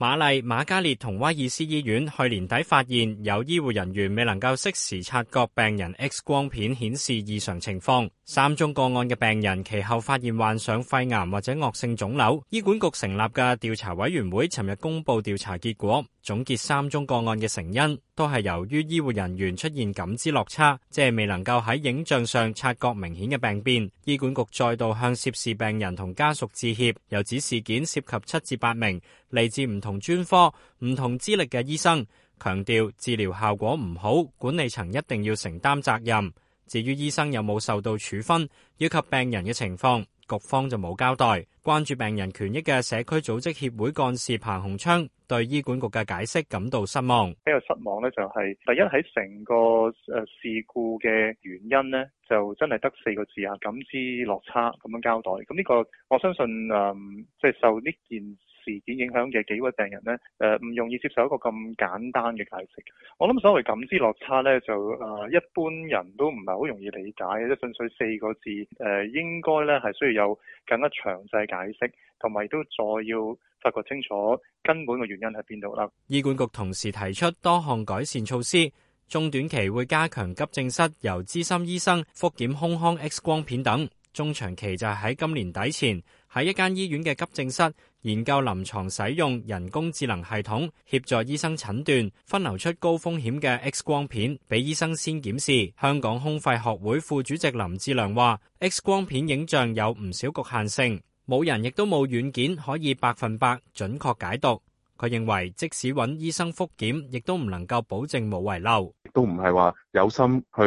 瑪麗、瑪嘉烈同威爾斯醫院去年底發現有醫護人員未能夠適時察覺病人 X 光片顯示異常情況，三宗個案嘅病人其後發現患上肺癌或者惡性腫瘤。醫管局成立嘅調查委員會尋日公布調查結果，總結三宗個案嘅成因都係由於醫護人員出現感知落差，即係未能夠喺影像上察覺明顯嘅病變。醫管局再度向涉事病人同家屬致歉，又指事件涉及七至八名嚟自唔同。同專科唔同資歷嘅醫生強調治療效果唔好，管理層一定要承擔責任。至於醫生有冇受到處分，以及病人嘅情況，局方就冇交代。關注病人權益嘅社區組織協會幹事彭鴻昌對醫管局嘅解釋感到失望。比較失望呢，就係第一喺成個誒事故嘅原因呢，就真係得四個字啊，感知落差咁樣交代。咁呢個我相信誒，即係受呢件。事件影響嘅幾位病人呢，誒唔容易接受一個咁簡單嘅解釋。我諗所謂感知落差呢，就誒一般人都唔係好容易理解嘅，即係純粹四個字，誒應該咧係需要有更加詳細解釋，同埋都再要發覺清楚根本嘅原因喺邊度啦。醫管局同時提出多項改善措施，中短期會加強急症室由資深醫生覆檢胸腔 X 光片等。中長期就係喺今年底前喺一間醫院嘅急症室研究臨牀使用人工智能系統協助醫生診斷，分流出高風險嘅 X 光片俾醫生先檢視。香港胸肺學會副主席林志良話，X 光片影像有唔少局限性，冇人亦都冇軟件可以百分百準確解讀。佢認為，即使揾醫生覆檢，亦都唔能夠保證冇遺漏。亦都唔係話有心去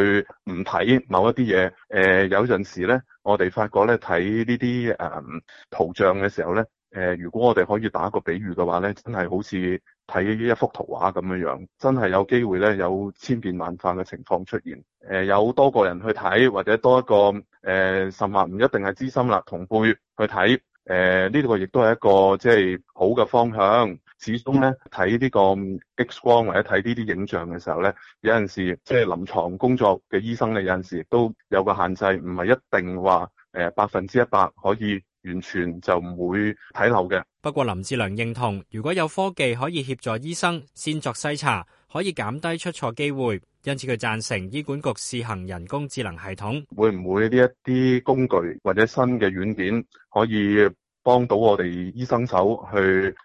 唔睇某一啲嘢。誒、呃、有陣時咧，我哋發覺咧睇呢啲誒、嗯、圖像嘅時候咧、呃，如果我哋可以打一個比喻嘅話咧，真係好似睇一幅圖畫咁樣樣，真係有機會咧有千變萬化嘅情況出現。誒、呃、有多個人去睇，或者多一個誒、呃，甚至唔一定係資深啦，同輩去睇，誒呢個亦都係一個即係、就是、好嘅方向。始終咧睇呢個 X 光或者睇呢啲影像嘅時候咧，有陣時即係、就是、臨床工作嘅醫生咧，有陣時都有個限制，唔係一定話誒百分之一百可以完全就唔會睇漏嘅。不過林志良認同，如果有科技可以協助醫生先作篩查，可以減低出錯機會，因此佢贊成醫管局試行人工智能系統。會唔會呢一啲工具或者新嘅軟件可以？幫到我哋醫生手去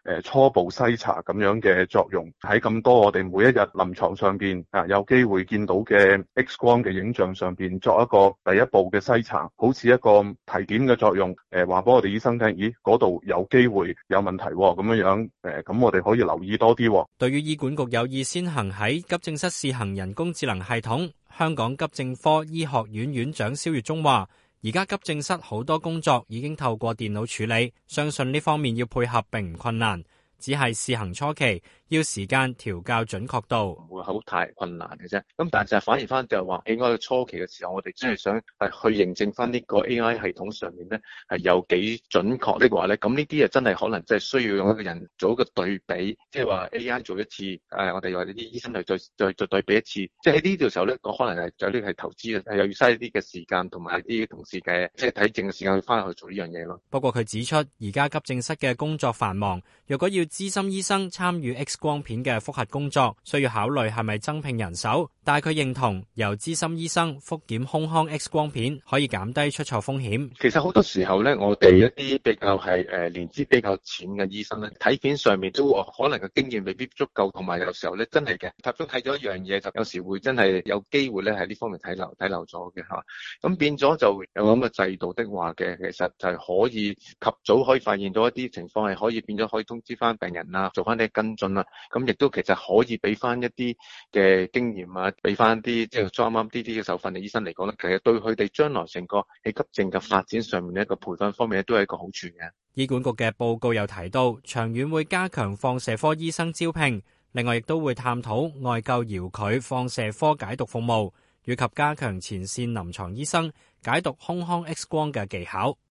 誒初步篩查咁樣嘅作用，喺咁多我哋每一日臨床上邊啊有機會見到嘅 X 光嘅影像上邊作一個第一步嘅篩查，好似一個體檢嘅作用，誒話俾我哋醫生聽咦，咦嗰度有機會有問題咁、哦、樣樣，誒咁我哋可以留意多啲、哦。對於醫管局有意先行喺急症室試行人工智能系統，香港急症科醫學院院、院長蕭粵中話。而家急症室好多工作已經透過電腦處理，相信呢方面要配合並唔困難，只係試行初期，要時間調校準確度唔會好太困難嘅啫，咁但係就反而翻就係話，ai 初期嘅時候，我哋真係想係去認證翻呢個 A I 系統上面咧係有幾準確的話咧，咁呢啲啊真係可能即係需要用一個人做一個對比，即係話 A I 做一次，誒我哋話呢啲醫生去再再再對比一次，即係喺呢條時候咧，我可能係有啲係投資啊，又要嘥啲嘅時間同埋啲同事嘅即係睇症嘅時間去翻去做呢樣嘢咯。不過佢指出，而家急症室嘅工作繁忙，若果要資深醫生參與 X。光片嘅複核工作需要考慮係咪增聘人手，但係佢認同由資深醫生複檢胸腔 X 光片，可以減低出錯風險。其實好多時候咧，我哋一啲比較係誒年資比較淺嘅醫生咧，睇片上面都可能嘅經驗未必足夠，同埋有時候咧真係嘅，集中睇咗一樣嘢，就有時會真係有機會咧喺呢方面睇漏睇漏咗嘅嚇。咁變咗就有咁嘅制度的話嘅，其實就係可以及早可以發現到一啲情況係可以變咗可以通知翻病人啊，做翻啲跟進啊。咁亦都其實可以俾翻一啲嘅經驗啊，俾翻啲即係啱啱啲啲嘅手訓嘅醫生嚟講咧，其實對佢哋將來成個氣急症嘅發展上面嘅一個培訓方面都係一個好處嘅。醫管局嘅報告又提到，長遠會加強放射科醫生招聘，另外亦都會探討外購遙距放射科解讀服務，以及加強前線臨牀醫生解讀胸腔 X 光嘅技巧。